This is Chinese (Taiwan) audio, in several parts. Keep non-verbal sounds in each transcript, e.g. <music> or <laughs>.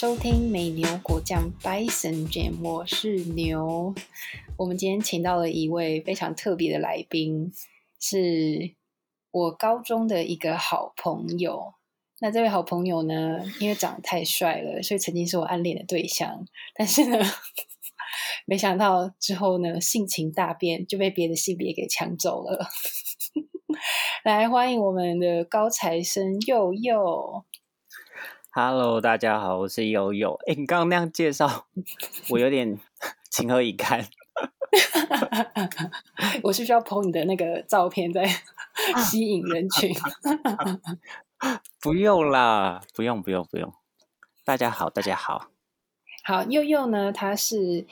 收聽美牛果醬 Bison Jam，我是牛。我們今天請到了一位非常特別的來賓，是我高中的一個好朋友。那這位好朋友呢，因為長得太帥了，所以曾經是我暗戀的對象。但是呢，沒想到之後呢，性情大變，就被別的性別給搶走了。 <laughs> 來歡迎我們的高材生侑侑。Yo Hello，大家好，我是侑侑。哎，你剛剛那樣介紹，我有點情何 <laughs> 以堪。 <laughs> <laughs> 我是不是要 PO 你的那個照片在吸引人群？ <laughs> <laughs> 不用啦，不用，不用，不用。大家好，大家好。好，侑侑呢，他是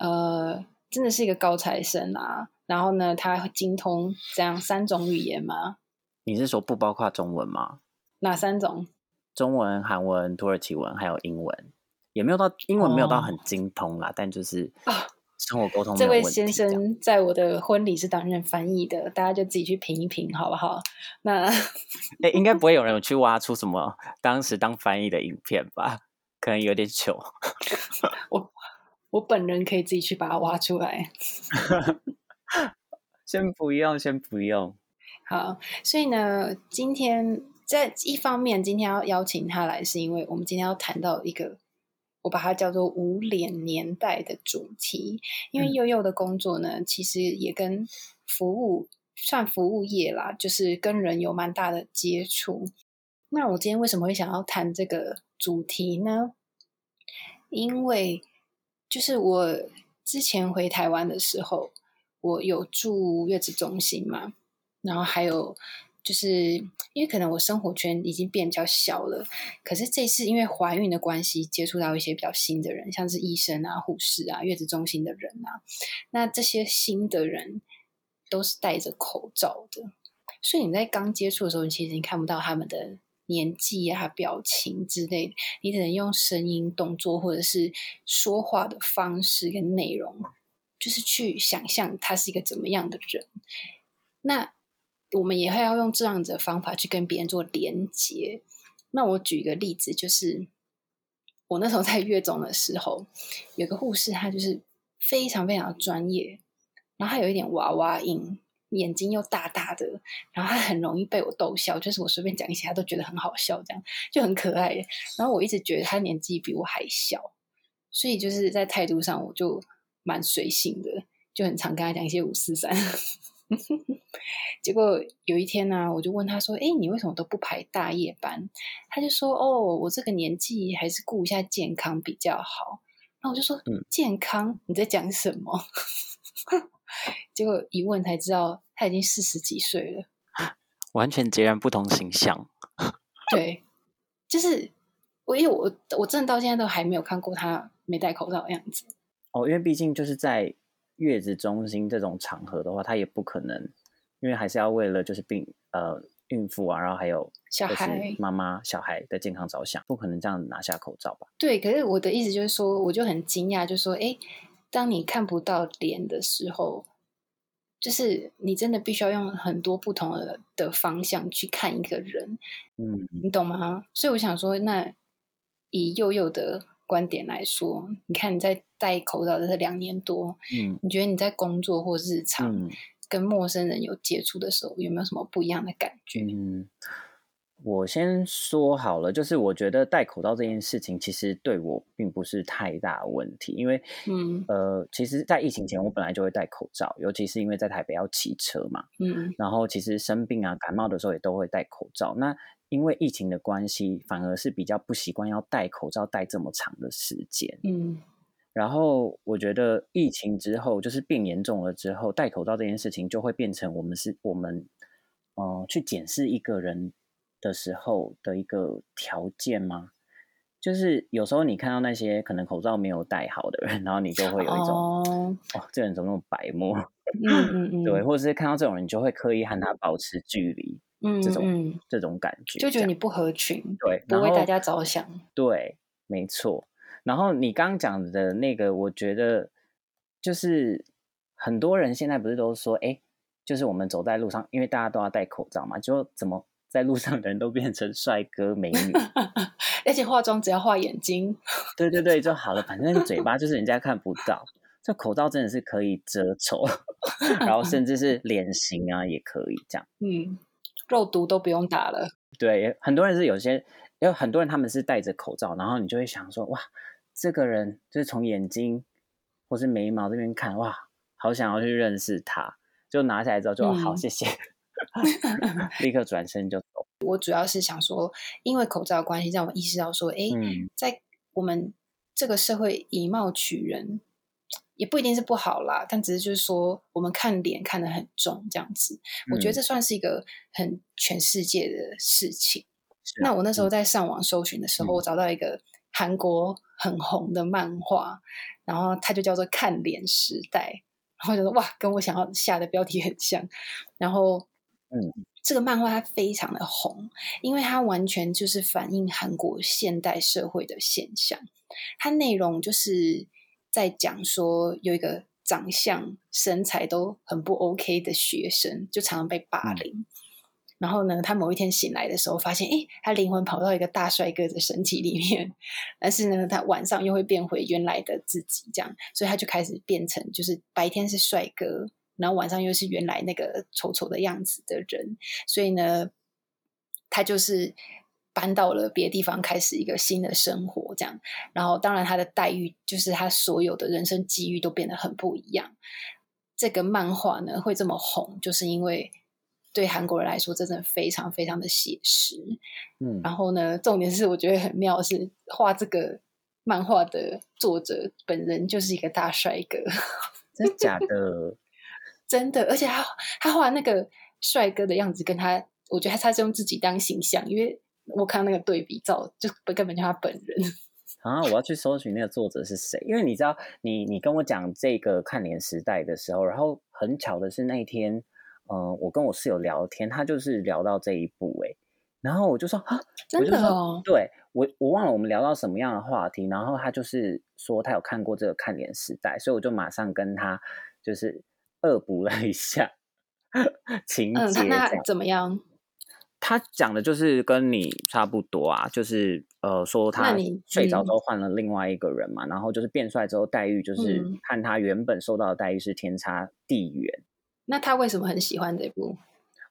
呃，真的是一個高材生啊。然後呢，他精通這樣三種語言嗎？你是說不包括中文嗎？哪三種？中文、韓文、土耳其文還有英文，也沒有到英文沒有到很精通啦，oh. Oh. 但就是啊，生活溝通這。這位先生在我的婚禮是擔任翻譯的，大家就自己去評一評好不好？那哎、 <laughs> 欸，應該不會有人去挖出什麼當時當翻譯的影片吧？可能有點糗。 <laughs> 我我本人可以自己去把它挖出來。 <laughs> <laughs> 先不用，先不用。好，所以呢，今天。在一方面，今天要邀請他來，是因為我們今天要談到一個我把它叫做“無臉年代”的主題。因為侑侑的工作呢，其實也跟服務算服務業啦，就是跟人有蠻大的接觸。那我今天為什麼會想要談這個主題呢？因為就是我之前回台灣的時候，我有住月子中心嘛，然後還有。就是因為可能我生活圈已經變比較小了，可是這次因為懷孕的關係，接觸到一些比較新的人，像是醫生啊、護士啊、月子中心的人啊，那這些新的人都是戴着口罩的，所以你在剛接觸的時候，你其實你看不到他們的年紀啊、表情之類的，你只能用聲音、動作或者是說話的方式跟內容，就是去想象他是一個怎麼樣的人，那。我們也會要用這樣子的方法去跟別人做連接。那我舉一個例子，就是我那時候在月中的時候，有個護士，她就是非常非常專業，然後她有一點娃娃音，眼睛又大大的，然後她很容易被我逗笑，就是我隨便講一些，她都覺得很好笑，這樣就很可愛的。然後我一直覺得她年紀比我還小，所以就是在態度上我就蠻隨性的，就很常跟她講一些五四三。 <laughs> 結果有一天呢、啊，我就問他說：“哎、欸，你為什麼都不排大夜班？”他就說：“哦，我這個年紀還是顧一下健康比較好。”那我就說：“嗯、健康？你在講什麼？” <laughs> 結果一問才知道他已經四十幾歲了，完全截然不同形象。 <laughs> 對，就是我，因為我我真的到現在都還沒有看過他沒戴口罩的樣子。哦，因為畢竟就是在。月子中心這種場合的話，他也不可能，因為還是要為了就是病呃孕婦啊，然後還有就是媽媽小孩，媽媽小孩的健康着想，不可能這樣拿下口罩吧？對，可是我的意思就是說，我就很驚訝，就是說哎，當你看不到臉的時候，就是你真的必須要用很多不同的的方向去看一個人，嗯，你懂嗎？所以我想說，那以侑侑的。觀點來說，你看你在戴口罩這兩年多，嗯，你覺得你在工作或日常跟陌生人有接觸的時候，嗯，有沒有什麼不一樣的感覺？嗯，我先說好了，就是我覺得戴口罩這件事情其實對我並不是太大問題，因為，嗯，呃，其實，在疫情前我本來就會戴口罩，尤其是因為在台北要騎車嘛，嗯，然後其實生病啊感冒的時候也都會戴口罩，那。因為疫情的關係，反而是比較不習慣要戴口罩戴這麼長的時間。嗯，然後我覺得疫情之後，就是變嚴重了之後，戴口罩這件事情就會變成我們是我們、呃，去檢視一個人的時候的一個條件嗎？就是有時候你看到那些可能口罩沒有戴好的人，然後你就會有一種，哦，這人怎麼那麼白目？嗯嗯嗯， <laughs> 對，或者是看到這種人，就會刻意和他保持距離。嗯，這種這種感覺，就覺得你不合群，對，然後不為大家着想，對，沒錯。然後你剛講的那個，我覺得就是很多人現在不是都說，哎、欸，就是我們走在路上，因為大家都要戴口罩嘛，就怎麼在路上的人都變成帥哥美女， <laughs> 而且化妝只要畫眼睛，對對對，就好了，反正嘴巴就是人家看不到。這 <laughs> 口罩真的是可以遮醜， <laughs> 然後甚至是臉型啊也可以這樣，嗯。肉毒都不用打了。對，很多人是有些，有很多人他們是戴着口罩，然後你就會想說，哇，這個人就是從眼睛或是眉毛這邊看，哇，好想要去認識他，就拿下來之後就、嗯、好，謝謝， <laughs> 立刻轉身就走。我主要是想說，因為口罩的關係，讓我意識到說，誒，嗯、在我們這個社會以貌取人。也不一定是不好啦，但只是就是說，我們看臉看得很重這樣子。嗯、我覺得這算是一個很全世界的事情。對那我那時候在上網搜尋的時候，嗯、我找到一個韓國很紅的漫畫，嗯、然後它就叫做《看臉時代》，然後覺得哇，跟我想要下的標題很像。然後，嗯，這個漫畫它非常的紅，因為它完全就是反映韓國現代社會的現象。它內容就是。在講說有一個長相身材都很不 OK 的學生，就常常被霸凌。嗯、然後呢，他某一天醒來的時候，發現，哎，他靈魂跑到一個大帥哥的身體裡面。但是呢，他晚上又會變回原來的自己，這樣。所以他就開始變成，就是白天是帥哥，然後晚上又是原來那個醜醜的樣子的人。所以呢，他就是。搬到了別地方，開始一個新的生活，這樣。然後，當然他的待遇，就是他所有的人生機遇都變得很不一樣。這個漫畫呢，會這麼紅，就是因為對韓國人來說，真的非常非常的寫實。嗯，然後呢，重點是我覺得很妙，是畫這個漫畫的作者本人就是一個大帥哥， <laughs> 真的假的？真的，而且他他畫那個帥哥的樣子，跟他我覺得他是用自己當形象，因為。我看那個對比照，就不根本就他本人。啊！我要去搜尋那個作者是誰？ <laughs> 因為你知道你，你你跟我講這個《看臉時代》的時候，然後很巧的是那一天，嗯、呃，我跟我室友聊天，他就是聊到這一部哎、欸，然後我就說啊，我就說真的哦。對我我忘了我們聊到什麼樣的話題，然後他就是說他有看過這個《看臉時代》，所以我就馬上跟他就是惡補了一下 <laughs> 情節。嗯，他怎麼樣？他講的就是跟你差不多啊，就是呃，說他睡着之後換了另外一個人嘛，嗯。然後就是變帥之後待遇就是和他原本受到的待遇是天差地遠。嗯。那他為什麼很喜歡這部？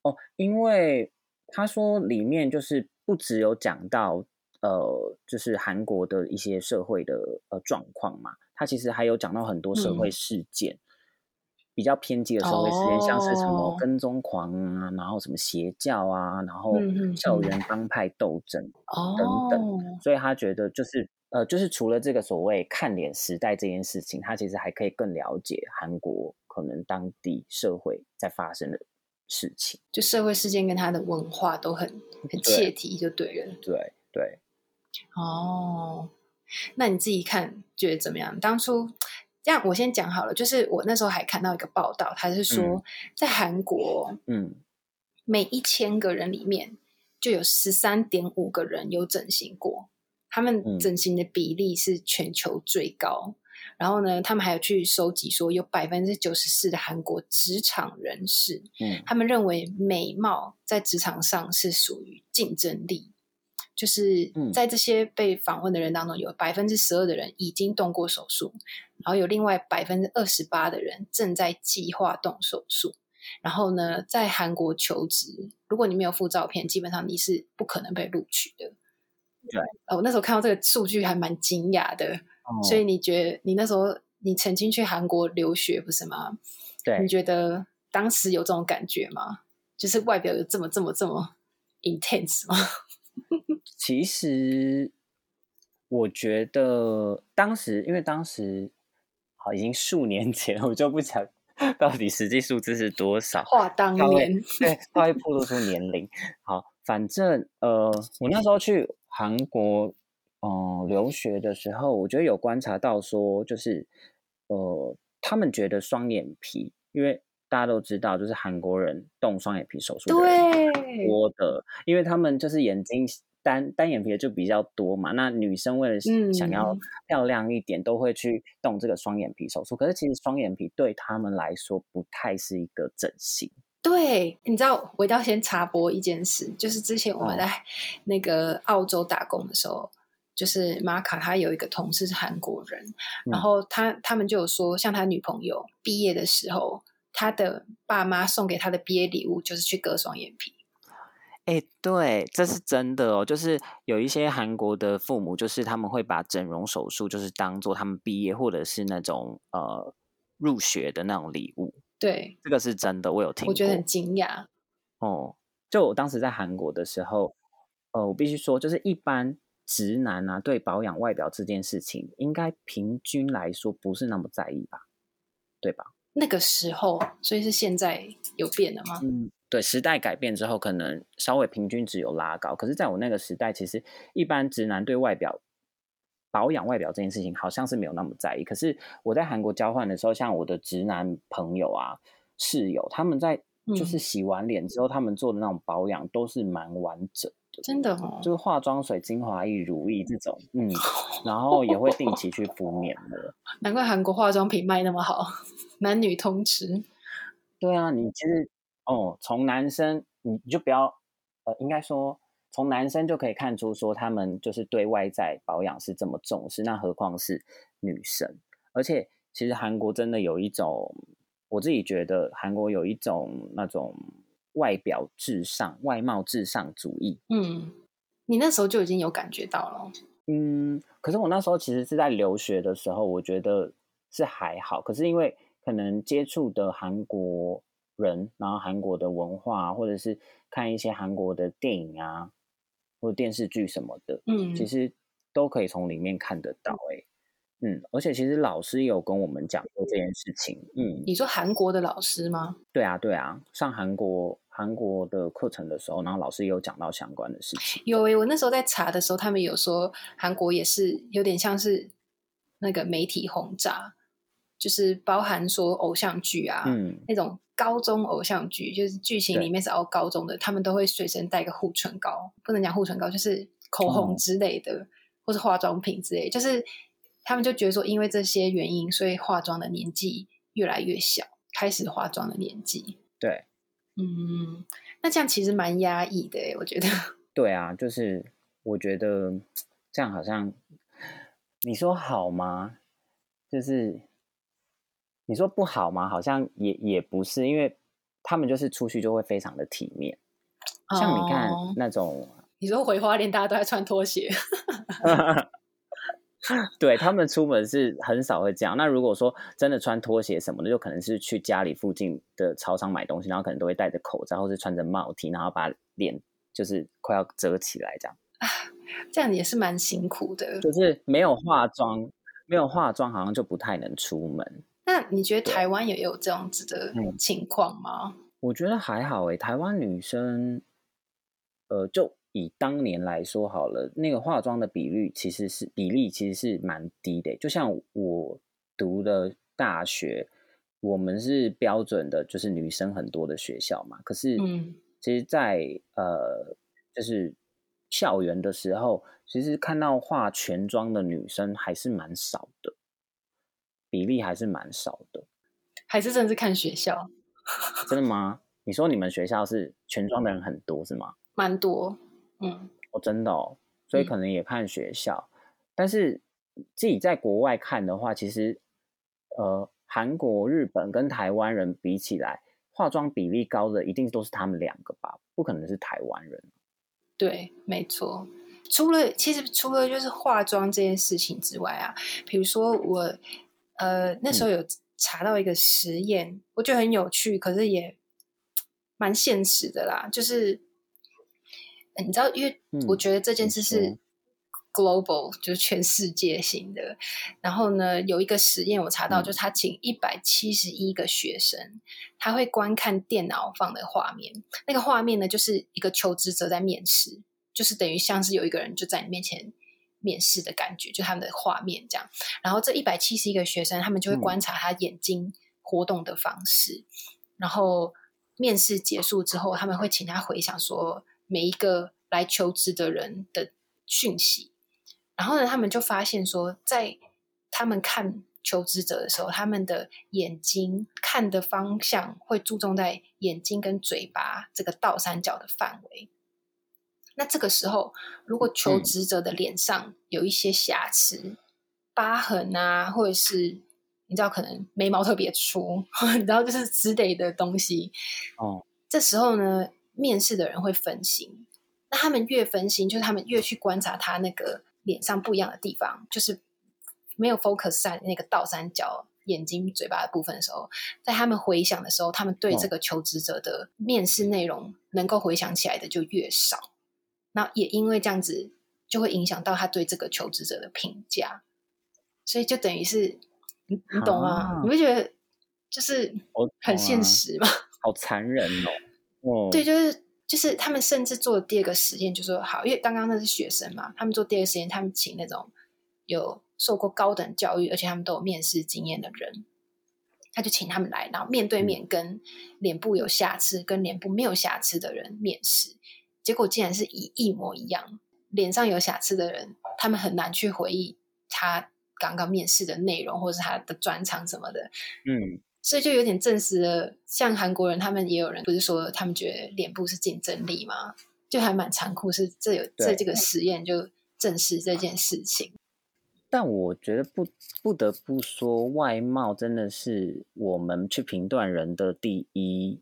哦，因為他說裡面就是不只有講到呃，就是韓國的一些社會的呃狀況嘛，他其實還有講到很多社會事件。嗯比較偏激的社會事件，oh. 像是什麼跟蹤狂啊，然後什麼邪教啊，然後校園幫派鬥爭、啊 oh. 等等，所以他覺得就是呃，就是除了這個所謂看臉時代這件事情，他其實還可以更了解韓國可能當地社會在發生的事情。就社會事件跟他的文化都很很切題，就對了，對對，哦，oh. 那你自己看覺得怎麼樣？當初。這樣我先講好了，就是我那時候還看到一個報道，他是說、嗯、在韓國，嗯，每一千個人裡面就有十三點五個人有整形過，他們整形的比例是全球最高。嗯、然後呢，他們還有去收集說有，有百分之九十四的韓國職場人士，嗯，他們認為美貌在職場上是屬於競爭力。就是在這些被訪問的人當中有，有百分之十二的人已經動過手術，然後有另外百分之二十八的人正在計劃動手術。然後呢，在韓國求職，如果你沒有附照片，基本上你是不可能被錄取的。對，我、哦、那時候看到這個數據還蠻驚訝的。嗯、所以你覺得你那時候你曾經去韓國留學不是嗎？對，你覺得當時有這種感覺嗎？就是外表有這麼這麼這麼 intense 嗎？ <laughs> 其實，我覺得當時，因為當時好、啊、已經數年前，我就不講到底實際數字是多少。話當年，對，話會透露出年齡。 <laughs> 好，反正呃，我那時候去韓國嗯、呃、留學的時候，我覺得有觀察到說，就是呃，他們覺得雙眼皮，因為。大家都知道，就是韓國人動雙眼皮手術多的，對因為他們就是眼睛單單眼皮就比較多嘛。那女生為了想要漂亮一點，嗯、都會去動這個雙眼皮手術。可是其實雙眼皮對他們來說不太是一個整形。對，你知道，我一定要先插播一件事，就是之前我在那個澳洲打工的時候，嗯、就是馬卡他有一個同事是韓國人，嗯、然後他他們就有說，像他女朋友畢業的時候。他的爸媽送給他的畢業禮物就是去割雙眼皮。哎、欸，對，這是真的哦。就是有一些韓國的父母，就是他們會把整容手術就是當做他們畢業或者是那種呃入學的那種禮物。對，這個是真的，我有聽過。我覺得很驚訝。哦，就我當時在韓國的時候，呃，我必須說，就是一般直男啊，對保養外表這件事情，應該平均來說不是那麼在意吧？對吧？那個時候，所以是現在有變了嗎？嗯，對，時代改變之後，可能稍微平均值有拉高。可是，在我那個時代，其實一般直男對外表保養、外表這件事情，好像是沒有那麼在意。可是我在韓國交換的時候，像我的直男朋友啊、室友，他們在就是洗完臉之後，嗯，他們做的那種保養都是蠻完整的。真的哦，就是化妝水、精華液、乳液這種，嗯，然後也會定期去敷臉的。 <laughs> 難怪韓國化妝品賣那麼好，男女通吃。對啊，你其實哦，從男生你你就不要，呃，應該說從男生就可以看出說他們就是對外在保養是這麼重視，那何況是女生？而且其實韓國真的有一種，我自己覺得韓國有一種那種。外表至上，外貌至上主義。嗯，你那時候就已經有感覺到了。嗯，可是我那時候其實是在留學的時候，我覺得是還好。可是因為可能接觸的韓國人，然後韓國的文化啊，或者是看一些韓國的電影啊，或者電視劇什麼的，嗯，其實都可以從裡面看得到欸。誒。嗯，而且其實老師也有跟我們講過這件事情。嗯，你說韓國的老師嗎？對啊，對啊，上韓國韓國的課程的時候，然後老師也有講到相關的事情。有誒、欸，我那時候在查的時候，他們有說韓國也是有點像是那個媒體轟炸，就是包含說偶像劇啊，嗯，那種高中偶像劇，就是劇情裡面是熬高中的，對他們都會隨身帶個護唇膏，不能講護唇膏，就是口紅之類的，哦、或是化妝品之類的，就是。他們就覺得說，因為這些原因，所以化妝的年紀越來越小，開始化妝的年紀。對，嗯，那這樣其實蠻壓抑的，我覺得。對啊，就是我覺得這樣好像，你說好嗎？就是你說不好嗎？好像也也不是，因為他們就是出去就會非常的體面，哦、像你看那種，你說回花蓮，大家都在穿拖鞋。 <laughs> <laughs> 對他們出門是很少會這樣。那如果說真的穿拖鞋什麼的，就可能是去家裡附近的超商買東西，然後可能都會戴着口罩，或是穿着帽 T，然後把臉就是快要遮起來這樣。啊、這樣也是蠻辛苦的。就是沒有化妝，沒有化妝好像就不太能出門。嗯、那你覺得台灣也有這樣子的情況嗎？嗯、我覺得還好誒，台灣女生，呃，就。比當年來說好了，那個化妝的比率其實是比例其實是蠻低的。就像我讀的大學，我們是標準的，就是女生很多的學校嘛。可是，其實在，在、嗯、呃，就是校園的時候，其實看到化全妝的女生還是蠻少的，比例還是蠻少的。還是甚至看學校。真的嗎？你說你們學校是全妝的人很多是嗎？蠻多。嗯，哦，真的哦，所以可能也看學校，嗯、但是自己在國外看的話，其實呃，韓國、日本跟台灣人比起來，化妝比例高的一定都是他們兩個吧，不可能是台灣人。對，沒錯。除了其實除了就是化妝這件事情之外啊，比如說我呃那時候有查到一個實驗，嗯、我覺得很有趣，可是也蠻現實的啦，就是。你知道，因為我覺得這件事是 global、嗯嗯、就是全世界性的。然後呢，有一個實驗，我查到，就是他請一百七十一個學生，嗯、他會觀看電腦放的畫面。那個畫面呢，就是一個求職者在面試，就是等於像是有一個人就在你面前面試的感覺，就他們的畫面這樣。然後這一百七十一個學生，他們就會觀察他眼睛活動的方式。嗯、然後面試結束之後，他們會請他回想說。每一個來求職的人的訊息，然後呢，他們就發現說，在他們看求職者的時候，他們的眼睛看的方向會注重在眼睛跟嘴巴這個倒三角的範圍。那這個時候，如果求職者的臉上有一些瑕疵、嗯、疤痕啊，或者是你知道可能眉毛特別粗， <laughs> 你知道就是之類的東西，哦、嗯，這時候呢。面試的人會分心，那他們越分心，就是他們越去觀察他那個臉上不一樣的地方，就是沒有 focus 在那個倒三角眼睛嘴巴的部分的時候，在他們回想的時候，他們對這個求職者的面試內容能夠回想起來的就越少。那、哦、也因為這樣子，就會影響到他對這個求職者的評價，所以就等於是你，你懂嗎、啊？啊、你不覺得就是很現實嗎？好，啊、好殘忍哦。哦，oh. 對，就是就是他們甚至做第二個實驗就，就說好，因為剛剛那是學生嘛，他們做第二個實驗，他們請那種有受過高等教育，而且他們都有面試經驗的人，他就請他們來，然後面對面跟臉部有瑕疵、嗯、跟臉部沒有瑕疵的人面試，結果竟然是一一模一樣，臉上有瑕疵的人，他們很難去回憶他剛剛面試的內容，或者是他的專長什麼的，嗯。所以就有點證實了，像韓國人，他們也有人不是說他們覺得臉部是競爭力嘛？就還蠻殘酷，是這有這對這個實驗就證實這件事情。但我覺得不不得不說，外貌真的是我們去評斷人的第一，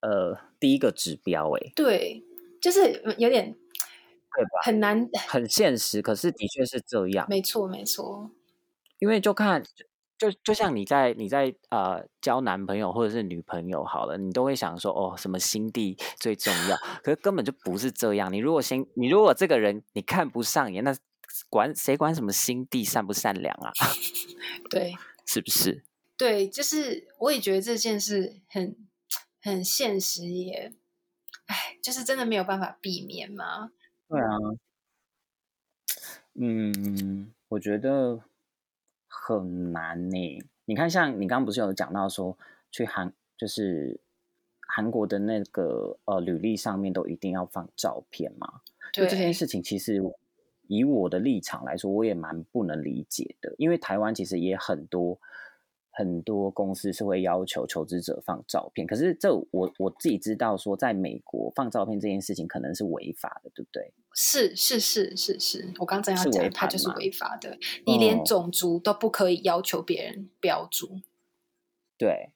呃，第一個指標誒、欸，對，就是有點，吧很難，很現實。可是的確是這樣，沒錯，沒錯。因為就看。就就像你在你在呃交男朋友或者是女朋友好了，你都會想說哦什麼心地最重要，可是根本就不是這樣。你如果心你如果這個人你看不上眼，那管誰管什麼心地善不善良啊？ <laughs> 對，是不是？對，就是我也覺得這件事很很現實耶，也哎，就是真的沒有辦法避免嘛。對啊，嗯，我覺得。很難呢、欸。你看，像你剛不是有講到說去韓，就是韓國的那個呃，履歷上面都一定要放照片嗎？就對 這件事情，其實以我的立場來說，我也蠻不能理解的，因為台灣其實也很多。很多公司是會要求求職者放照片，可是這我我自己知道，說在美國放照片這件事情可能是違法的，對不對？是是是是是，我剛正要講，它就是違法的。你連種族都不可以要求別人標注、哦。對，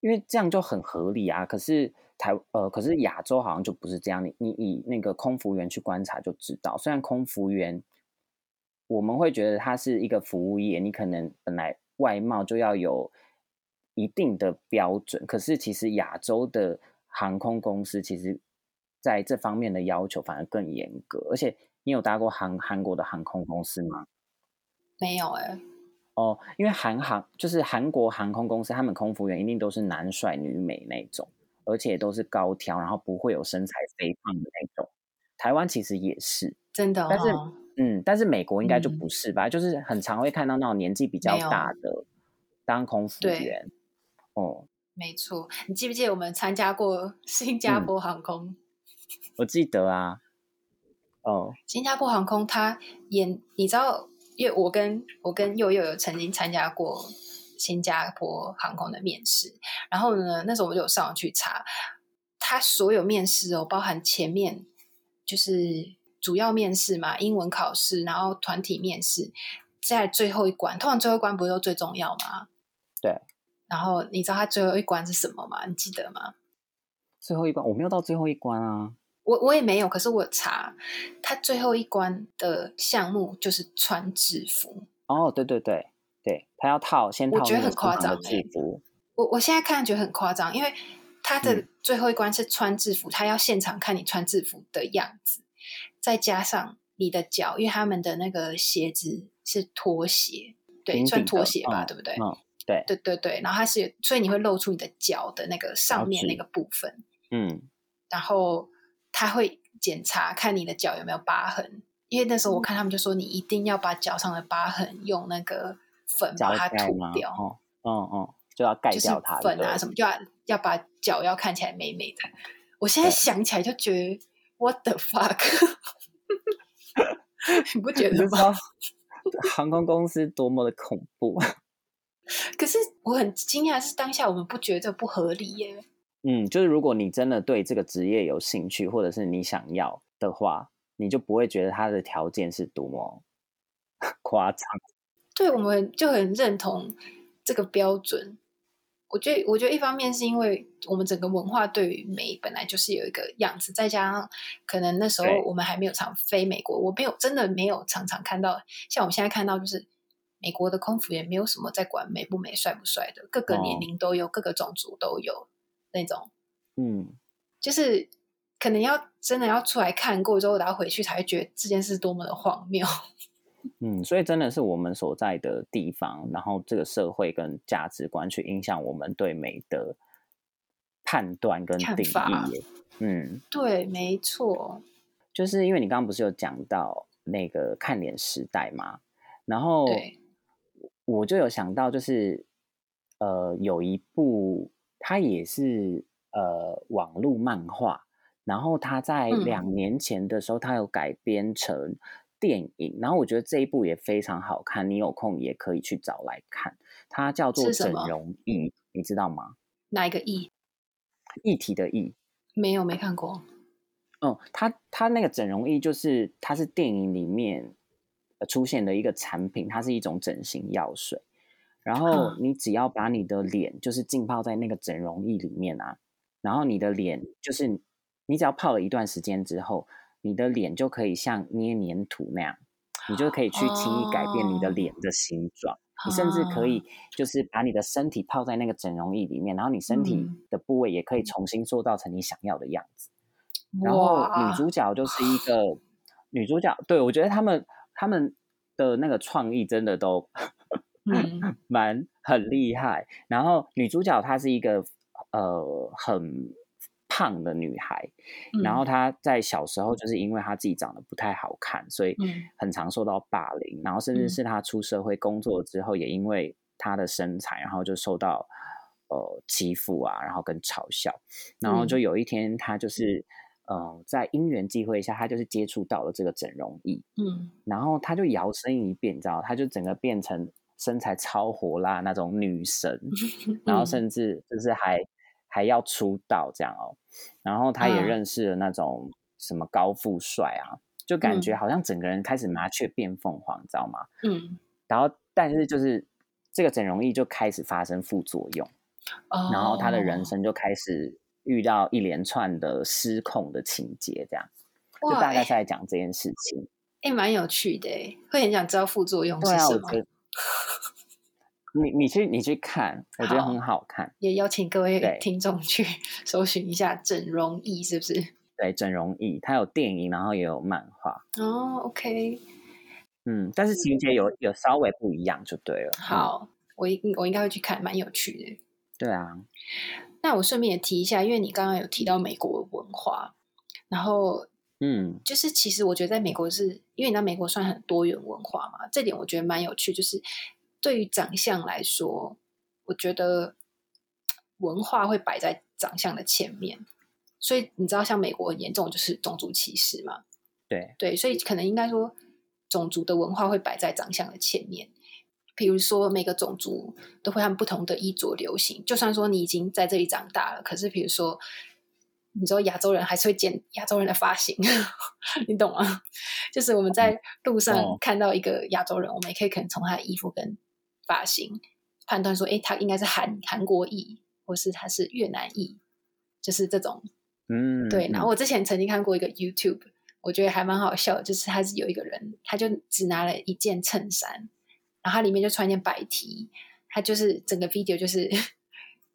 因為這樣就很合理啊。可是台呃，可是亞洲好像就不是這樣。你你以那個空服員去觀察就知道，雖然空服員我們會覺得他是一個服務業，你可能本來。外貌就要有一定的標準，可是其實亞洲的航空公司其實在這方面的要求反而更嚴格。而且你有搭過韓韓國的航空公司嗎？沒有哎、欸。哦，因為韓航就是韓國航空公司，他們空服員一定都是男帥女美那種，而且都是高挑，然後不會有身材肥胖的那種。台灣其實也是真的，哦，但是。嗯，但是美國應該就不是吧？嗯、就是很常會看到那種年紀比較大的當空服員。哦，沒錯。你記不記得我們參加過新加坡航空？嗯、我記得啊。哦，新加坡航空他演，你知道，因為我跟我跟侑侑有曾經參加過新加坡航空的面試，然後呢，那時候我就有上網去查他所有面試哦，包含前面就是。主要面試嘛，英文考試，然後團體面試，在最後一關，通常最後一關不是都最重要嗎？對。然後你知道他最後一關是什麼嗎？你記得嗎？最後一關，我沒有到最後一關啊。我我也沒有，可是我查他最後一關的項目就是穿制服。哦，對對對對，他要套先套我覺得很誇張的制服。我我現在看覺得很誇張，因為他的最後一關是穿制服，嗯，他要現場看你穿制服的樣子。再加上你的腳，因為他們的那個鞋子是拖鞋，對，算拖鞋吧，嗯、對不對？嗯、對，對對對。然後它是，所以你會露出你的腳的那個上面那個部分。嗯，然後他會檢查看你的腳有沒有疤痕，因為那時候我看他們就說，你一定要把腳上的疤痕用那個粉把它塗掉。哦，嗯嗯，嗯，就要蓋掉它粉啊什麼，對什麼，就要要把腳要看起來美美的。我現在想起來就覺得。What the fuck？ <laughs> 你不覺得嗎？航空公司多麼的恐怖！ <laughs> 可是我很驚訝的是，當下我們不覺得不合理耶。嗯，就是如果你真的對這個職業有興趣，或者是你想要的話，你就不會覺得它的條件是多麼誇張。對，我們就很認同這個標準。我覺得，我覺得一方面是因為我們整個文化對於美本來就是有一個樣子，再加上可能那時候我們還沒有常飛美國，我沒有真的沒有常常看到像我們現在看到就是美國的空服也沒有什麼在管美不美、帥不帥的，各個年齡都有，oh. 各個種族都有那種，嗯，就是可能要真的要出來看過之後，然後回去才會覺得這件事多麼的荒謬。嗯，所以真的是我們所在的地方，然後這個社會跟價值觀去影響我們對美的判斷跟定義、看法。嗯，對，沒錯。就是因為你剛剛不是有講到那個看臉時代嘛，然後，我就有想到，就是對。呃，有一部它也是呃網絡漫畫，然後它在兩年前的時候，它有改編成。嗯電影，然後我覺得這一部也非常好看，你有空也可以去找來看。它叫做《整容液》，你知道嗎？哪一個液？液體的液。沒有，沒看過。哦、嗯，它它那個整容液就是它是電影裡面出現的一個產品，它是一種整形藥水。然後你只要把你的臉就是浸泡在那個整容液裡面啊，然後你的臉就是你只要泡了一段時間之後。你的臉就可以像捏黏土那樣，你就可以去輕易改變你的臉的形狀。你甚至可以就是把你的身體泡在那個整容液裡面，然後你身體的部位也可以重新塑造成你想要的樣子。然後女主角就是一個女主角，對我覺得他們他們的那個創意真的都，蠻、嗯、很厲害。然後女主角她是一個呃很。胖的女孩，嗯、然後她在小時候就是因為她自己長得不太好看，嗯、所以很常受到霸凌。嗯、然後甚至是他出社會工作之後，也因為她的身材，嗯、然後就受到呃欺負啊，然後跟嘲笑。然後就有一天，她就是、嗯、呃在因緣際會下，她就是接觸到了這個整容醫，嗯，然後她就搖身一變，你知道，她就整個變成身材超火辣那種女神，嗯、然後甚至就是還還要出道這樣哦、喔，然後他也認識了那種什麼高富帥啊，嗯、就感覺好像整個人開始麻雀變鳳凰，你知道嗎？嗯，然後但是就是這個整容液就開始發生副作用，哦、然後他的人生就開始遇到一連串的失控的情節，這樣，欸、就大概在講這件事情。哎、欸，蠻有趣的、欸、會很想知道副作用是什麼對，啊 <laughs> 你你去你去看。好我覺得很好看。也邀請各位聽眾去搜尋一下《整容液》，是不是？對，《整容液》它有電影，然後也有漫畫。哦，OK，嗯，但是情節有有稍微不一樣，就對了。嗯、好，我應我應該會去看，蠻有趣的。對啊，那我順便也提一下，因為你剛剛有提到美國文化，然後嗯，就是其實我覺得在美國是因為在美國算很多元文化嘛，這點我覺得蠻有趣，就是。對於長相來說，我覺得文化會擺在長相的前面，所以你知道，像美國很嚴重就是種族歧視嘛？對對，所以可能應該說，種族的文化會擺在長相的前面。比如說，每個種族都會按不同的衣着流行。就算說你已經在這裡長大了，可是比如說，你知道亞洲人還是會剪亞洲人的髮型， <laughs> 你懂嗎？就是我們在路上看到一個亞洲人，嗯哦、我們也可以可能從他的衣服跟。髮型判斷說，哎、欸，他應該是韓韓國裔，或是他是越南裔，就是這種。嗯，對。然後我之前曾經看過一個 YouTube，我覺得還蠻好笑，就是他是有一個人，他就只拿了一件襯衫，然後他裡面就穿一件白 T，他就是整個 video 就是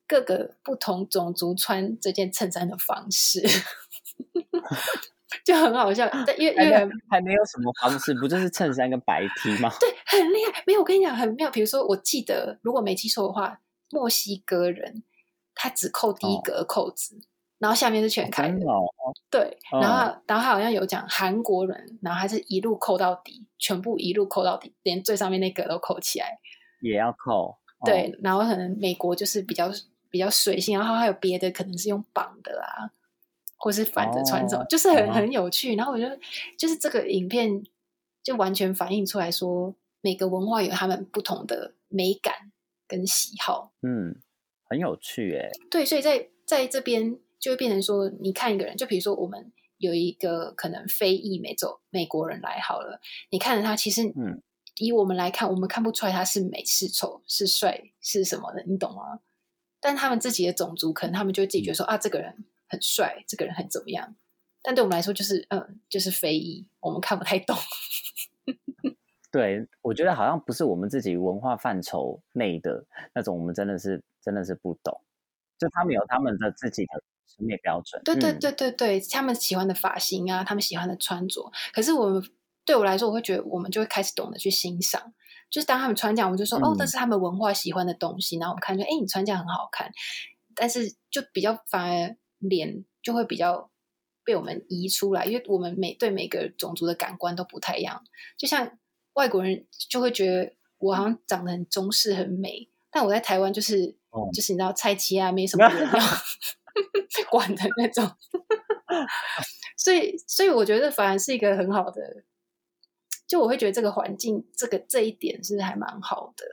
各個不同種族穿這件襯衫的方式。 <laughs> 就很好笑，嗯、但因為還沒，還沒有什麼方式， <laughs> 不就是襯衫跟白 T 嗎？對，很厲害。沒有，我跟你講很妙。比如說，我記得如果沒記錯的話，墨西哥人他只扣第一格扣子，哦、然後下面是全開。煩、哦哦、對，嗯、然後然後他好像有講，韓國人，然後他是一路扣到底，全部一路扣到底，連最上面那格都扣起來，也要扣。哦、對，然後可能美國就是比較比較隨性，然後還有別的可能是用綁的啦、啊。或是反着穿走，哦、就是很很有趣。嗯、嗎然後我覺得就是這個影片，就完全反映出來說，每個文化有他們不同的美感跟喜好。嗯，很有趣哎、欸。對，所以在在這邊就會變成說，你看一個人，就比如說我們有一個可能非裔美洲美國人來好了，你看着他，其實嗯，以我們來看，嗯、我們看不出來他是美是醜是帥是什麼的，你懂嗎？但他們自己的種族，可能他們就自己覺得說、嗯、啊，這個人。很帥，這個人很怎麼樣？但對我們來說，就是嗯，就是非議，我們看不太懂。 <laughs> 對，我覺得好像不是我們自己文化範疇內的那種，我們真的是真的是不懂。就他們有他們的自己的審美標準，對、嗯、對對對對，他們喜歡的髮型啊，他們喜歡的穿着。可是我們對我來說，我會覺得我們就會開始懂得去欣賞。就是當他們穿這樣，我們就說、嗯、哦，這是他們文化喜歡的東西。然後我們看就，就、欸、哎，你穿這樣很好看，但是就比較反而。臉就會比較被我們移出來，因為我們每對每個種族的感官都不太一樣。就像外國人就會覺得我好像長得很中式，很美，但我在台灣就是，Oh. 就是你知道菜雞啊，沒什麼人要 <laughs> <laughs> 管的那種。 <laughs> 所以，所以我覺得反而是一個很好的，就我會覺得這個環境，這個這一點是還蠻好的。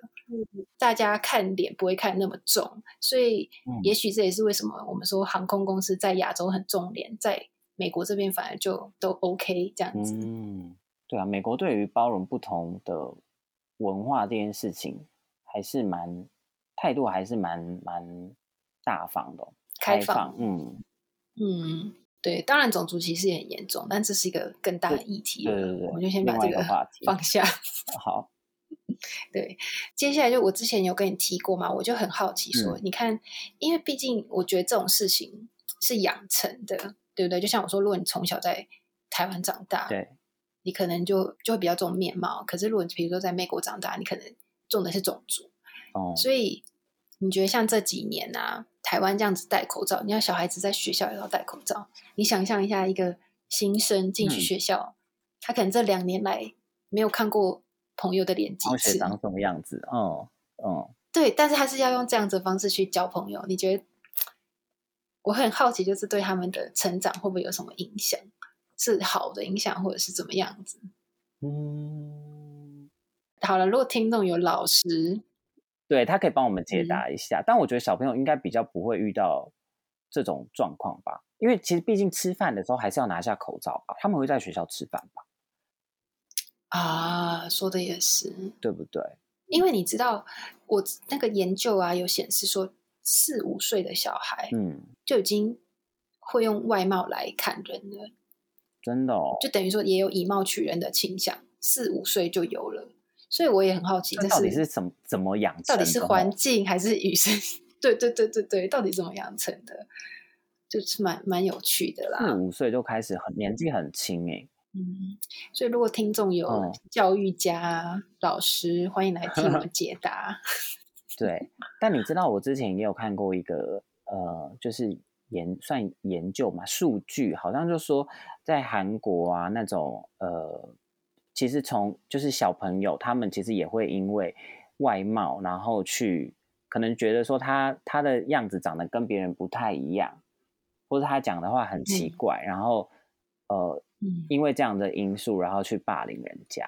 大家看臉不會看那麼重，所以也許這也是為什麼我們說航空公司在亞洲很重臉，在美國這邊反而就都 OK 這樣子。嗯，對啊，美國對於包容不同的文化這件事情，還是蠻態度還是蠻蠻大方的，開放。嗯嗯，對，當然種族其實也很嚴重，但這是一個更大的議題。對對對，我們就先把這個話題放下。好。對，接下來就我之前有跟你提過嘛，我就很好奇說，嗯、你看，因為畢竟我覺得這種事情是養成的，對不對？就像我說，如果你從小在台灣長大，對，你可能就就會比較重面貌。可是，如果你比如說在美國長大，你可能重的是種族。哦，所以你覺得像這幾年啊，台灣這樣子戴口罩，你要小孩子在學校也要戴口罩，你想象一下，一個新生進去學校，嗯、他可能這兩年來沒有看過朋友的臉幾次？長什麼樣子？哦、嗯，哦、嗯，對，但是還是要用這樣子的方式去交朋友。你覺得我很好奇，就是對他們的成長會不會有什麼影響？是好的影響，或者是怎麼樣子？嗯，好了，如果聽眾有老師，對，他可以幫我們解答一下。嗯、但我覺得小朋友應該比較不會遇到這種狀況吧，因為其實畢竟吃飯的時候還是要拿下口罩吧，他們會在學校吃飯吧？啊，說的也是，對不對？因為你知道，我那個研究啊，有顯示說，四五歲的小孩，嗯，就已經會用外貌來看人了，真的哦，就等於說也有以貌取人的傾向，四五歲就有了。所以我也很好奇這，這到底是怎怎麼養成？到底是環境還是與生？ <laughs> 對對對對對，到底怎麼養成的？就是蠻蠻有趣的啦，四五歲就開始很，很年紀很輕誒。嗯，所以如果聽眾有教育家、嗯、老師，歡迎來替我解答。 <laughs> 對，但你知道我之前也有看過一個呃，就是研算研究嘛，數據好像就說在韓國啊，那種呃，其實從就是小朋友，他們其實也會因為外貌，然後去可能覺得說他他的樣子長得跟別人不太一樣，或是他講的話很奇怪，嗯、然後呃。因為這樣的因素，然後去霸凌人家，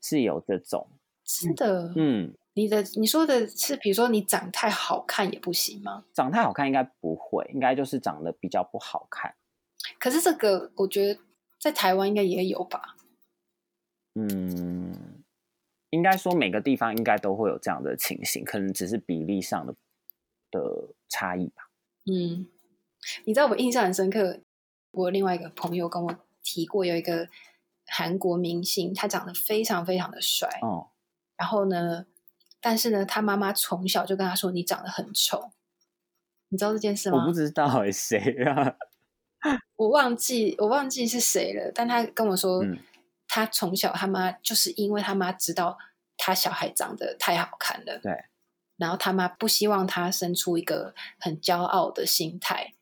是有這種，嗯、是的，嗯，你的你說的是，比如說你長太好看也不行嗎？長太好看應該不會，應該就是長得比較不好看。可是這個，我覺得在台灣應該也有吧。嗯，應該說每個地方應該都會有這樣的情形，可能只是比例上的的差異吧。嗯，你知道我印象很深刻，我另外一個朋友跟我提過有一個韓國明星，他長得非常非常的帥哦。然後呢，但是呢，他媽媽從小就跟他說：“你長得很醜。”你知道這件事嗎？我不知道誰，誰啊？我忘記，我忘記是誰了。但他跟我說，嗯、他從小他媽就是因為他媽知道他小孩長得太好看了，對。然後他媽不希望他生出一個很驕傲的心態，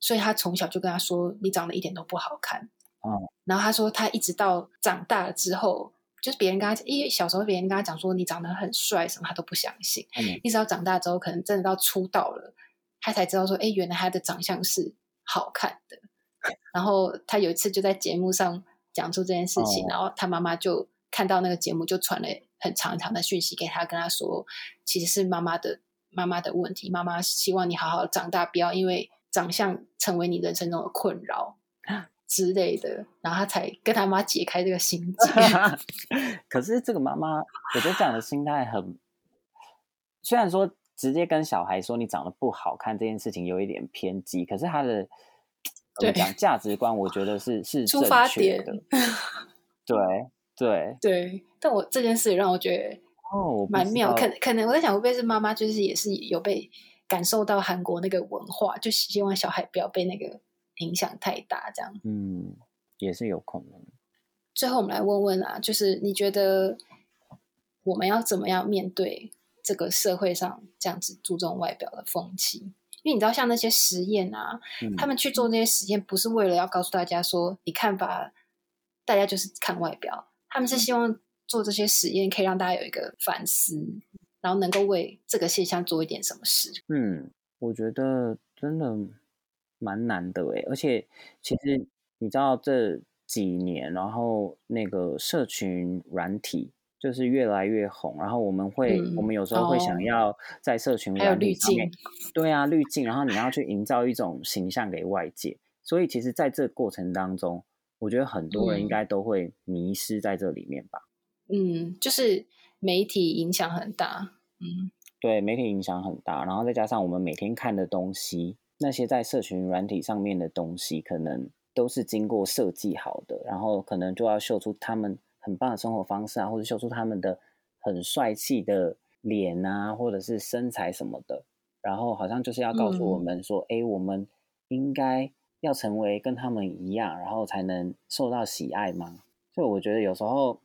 所以他從小就跟他說：“你長得一點都不好看。”然後他說，他一直到長大了之後，就是別人跟他，因為小時候別人跟他講說你長得很帥什麼，他都不相信。嗯、一直到長大之後，可能真的到出道了，他才知道說，哎，原來他的長相是好看的。嗯、然後他有一次就在節目上講出這件事情，哦、然後他媽媽就看到那個節目，就傳了很長一長的訊息給他，跟他說，其實是媽媽的媽媽的問題，媽媽希望你好好長大，不要因為長相成為你人生中的困擾。之類的，然後他才跟他媽解開這個心結。 <laughs> <laughs> 可是這個媽媽，我覺得這樣的心態很……雖然說直接跟小孩說你長得不好看這件事情有一點偏激，可是他的對講價值觀，我覺得是是出發點。 <laughs> 對對對，但我這件事讓我覺得哦蠻妙，可可能我在想，我會不會是媽媽，就是也是有被感受到韓國那個文化，就希望小孩不要被那個。影響太大，這樣。嗯，也是有可能。最後，我們來問問啊，就是你覺得我們要怎麼樣面對這個社會上這樣子注重外表的風氣？因為你知道，像那些實驗啊，嗯、他們去做那些實驗，不是為了要告訴大家說你看吧，大家就是看外表，他們是希望做這些實驗可以讓大家有一個反思，然後能夠為這個現象做一點什麼事。嗯，我覺得真的。蠻難的誒、欸，而且其實你知道這幾年，然後那個社群軟體就是越來越紅，然後我們會，嗯、我們有時候會想要在社群裡面濾鏡，對啊，濾鏡，然後你要去營造一種形象，給外界，所以其實在這個過程當中，我覺得很多人應該都會迷失在這裡面吧。嗯，就是媒體影響很大，嗯，對，媒體影響很大，然後再加上我們每天看的東西。那些在社群軟體上面的東西，可能都是經過設計好的，然後可能就要秀出他們很棒的生活方式啊，或者秀出他們的很帥氣的臉啊，或者是身材什麼的，然後好像就是要告訴我們說，哎、嗯欸，我們應該要成為跟他們一樣，然後才能受到喜愛嗎？所以我覺得有時候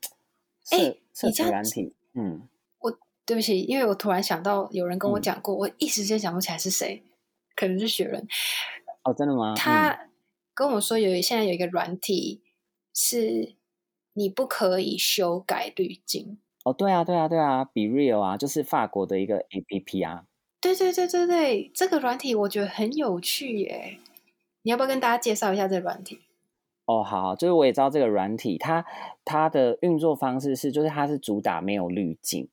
社、欸、社群軟體，家嗯，我對不起，因為我突然想到有人跟我講過，嗯、我一時間想不起來是誰。可能是雪人哦？真的嗎？他跟我說有、嗯、現在有一個軟體，是你不可以修改濾鏡哦。對啊，對啊，對啊，Be Real 啊，就是法國的一個 A P P 啊。對對對對對，這個軟體我覺得很有趣耶。你要不要跟大家介紹一下這個軟體？哦，好，好，就是我也知道這個軟體，它它的運作方式是，就是它是主打沒有濾鏡，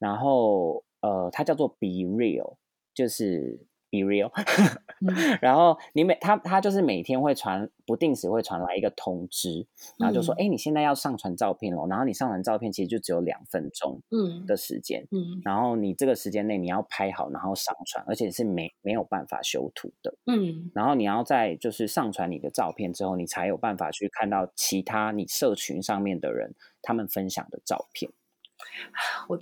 然後呃，它叫做 Be Real，就是。Be real， <laughs> 嗯、然後你每他他就是每天會傳，不定時會傳來一個通知，然後就說，哎、嗯欸，你現在要上傳照片咯，然後你上傳照片其實就只有兩分鐘，嗯，的時間，嗯，嗯然後你這個時間內你要拍好，然後上傳，而且是沒沒有辦法修圖的，嗯，然後你要在就是上傳你的照片之後，你才有辦法去看到其他你社群上面的人他們分享的照片。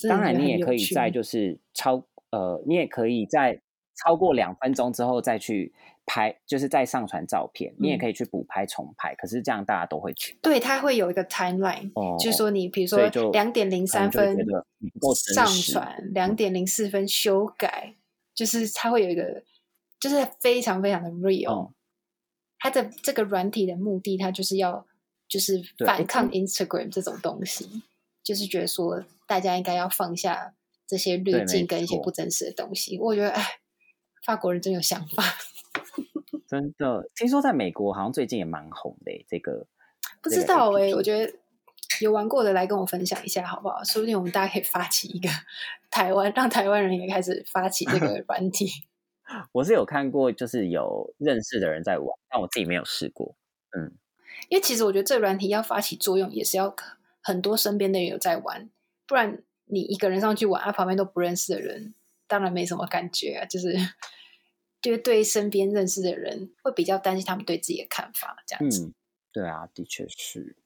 當然你也可以在就是超呃，你也可以在。超過兩分鐘之後再去拍，就是再上傳照片，你也可以去補拍重拍。可是這樣大家都會去、嗯，對，它會有一個 timeline，、哦、就是說你比如說兩點零三分上傳，兩點零四分修改，嗯、就是它會有一個，就是非常非常的 real、嗯。它的這個軟體的目的，它就是要就是反抗 Instagram 這種東西，對就是覺得說大家應該要放下這些濾鏡跟一些不真實的東西。我覺得哎。法國人真有想法， <laughs> 真的。聽說在美國好像最近也蠻紅的、欸，這個不知道哎、欸。我覺得有玩過的來跟我分享一下好不好？說不定我們大家可以發起一個台灣，讓台灣人也開始發起這個軟體。 <laughs> 我是有看過，就是有認識的人在玩，但我自己沒有試過。嗯，因為其實我覺得這個軟體要發起作用，也是要很多身邊的人有在玩，不然你一個人上去玩，啊，旁邊都不認識的人。當然沒什麼感覺啊，就是就是對身邊認識的人會比較擔心他們對自己的看法這樣子。嗯，對啊，的確是。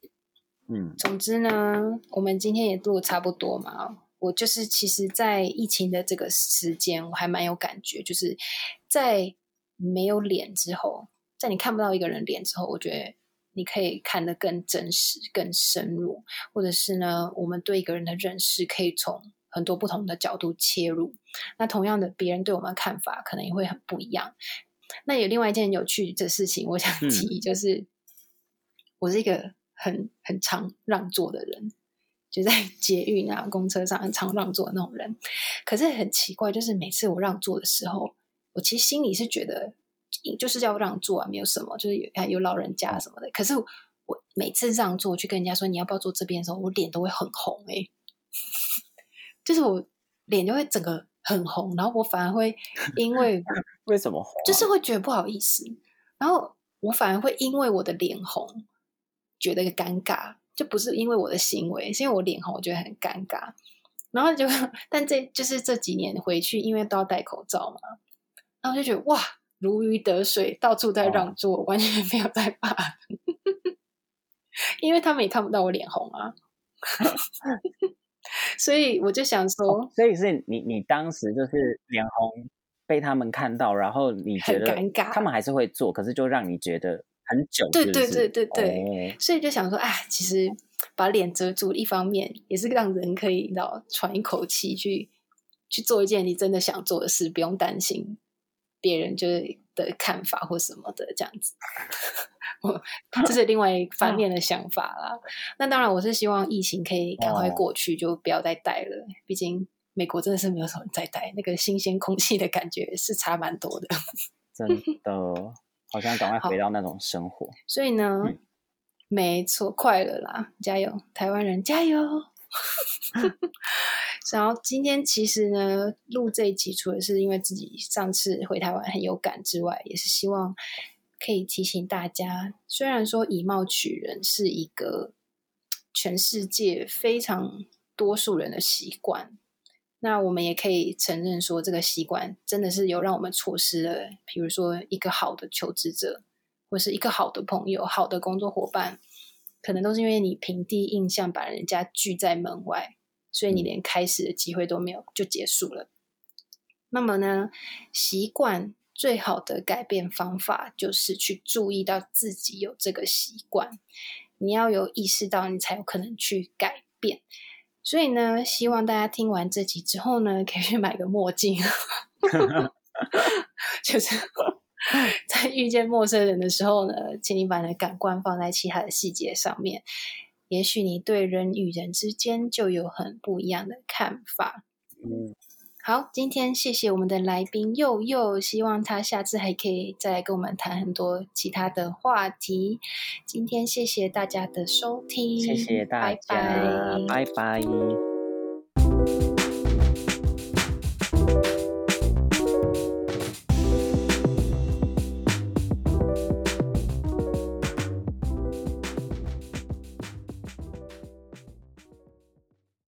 嗯，總之呢，我們今天也錄得差不多嘛。我就是其實，在疫情的這個時間，我還蠻有感覺，就是在沒有臉之後，在你看不到一個人臉之後，我覺得你可以看得更真實、更深入，或者是呢，我們對一個人的認識可以從。很多不同的角度切入，那同樣的，別人對我們的看法可能也會很不一樣。那有另外一件有趣的事情，我想提，就是、嗯、我是一個很很常讓座的人，就在捷運啊、公車上很常讓座的那種人。可是很奇怪，就是每次我讓座的時候，我其實心裡是覺得就是要讓座啊，沒有什麼，就是有有老人家什麼的。可是我每次讓座去跟人家說，你要不要坐這邊的時候，我臉都會很紅哎、欸。就是我臉就會整個很紅，然後我反而會因為為什麼紅、啊、就是會覺得不好意思，然後我反而會因為我的臉紅覺得個尷尬，就不是因為我的行為，是因為我臉紅，我覺得很尷尬。然後就但這就是這幾年回去，因為都要戴口罩嘛，然後就覺得哇，如魚得水，到處在讓座，哦、完全沒有在怕， <laughs> 因為他們也看不到我臉紅啊。 <laughs> 所以我就想說、哦，所以是你，你當時就是臉紅被他們看到，嗯、然後你覺得尷尬，他們還是會做，可是就讓你覺得很久是不是？對對對對對，oh. 所以就想說，哎，其實把臉遮住，一方面也是讓人可以你知道喘一口氣，去去做一件你真的想做的事，不用擔心別人就是的看法或什麼的，這樣子。 <laughs> 這 <laughs> 是另外一方面的想法啦。嗯、那當然，我是希望疫情可以趕快過去，就不要再戴了。哦、畢竟美國真的是沒有什麼人在戴。那個新鮮空氣的感覺是差蠻多的。 <laughs> 真的，好想趕快回到那種生活。所以呢，嗯、沒錯，快了啦，加油，台灣人加油！ <laughs> <laughs> 然後今天其實呢，錄這一集，除了是因為自己上次回台灣很有感之外，也是希望。可以提醒大家，雖然說以貌取人是一個全世界非常多數人的習慣，那我們也可以承認說，這個習慣真的是有讓我們錯失了，比如說一個好的求職者，或是一個好的朋友、好的工作夥伴，可能都是因為你憑第一印象把人家拒在門外，所以你連開始的機會都沒有就結束了。那麼呢，習慣。最好的改變方法就是去注意到自己有這個習慣，你要有意識到，你才有可能去改變。所以呢，希望大家聽完這集之後呢，可以去買個墨鏡， <laughs> 就是 <laughs> 在遇見陌生人的時候呢，請你把你的感官放在其他的細節上面，也許你對人與人之間就有很不一樣的看法。嗯。好，今天謝謝我們的來賓侑侑，希望他下次還可以再來跟我們談很多其他的話題。今天謝謝大家的收聽，謝謝大家，拜拜。拜拜。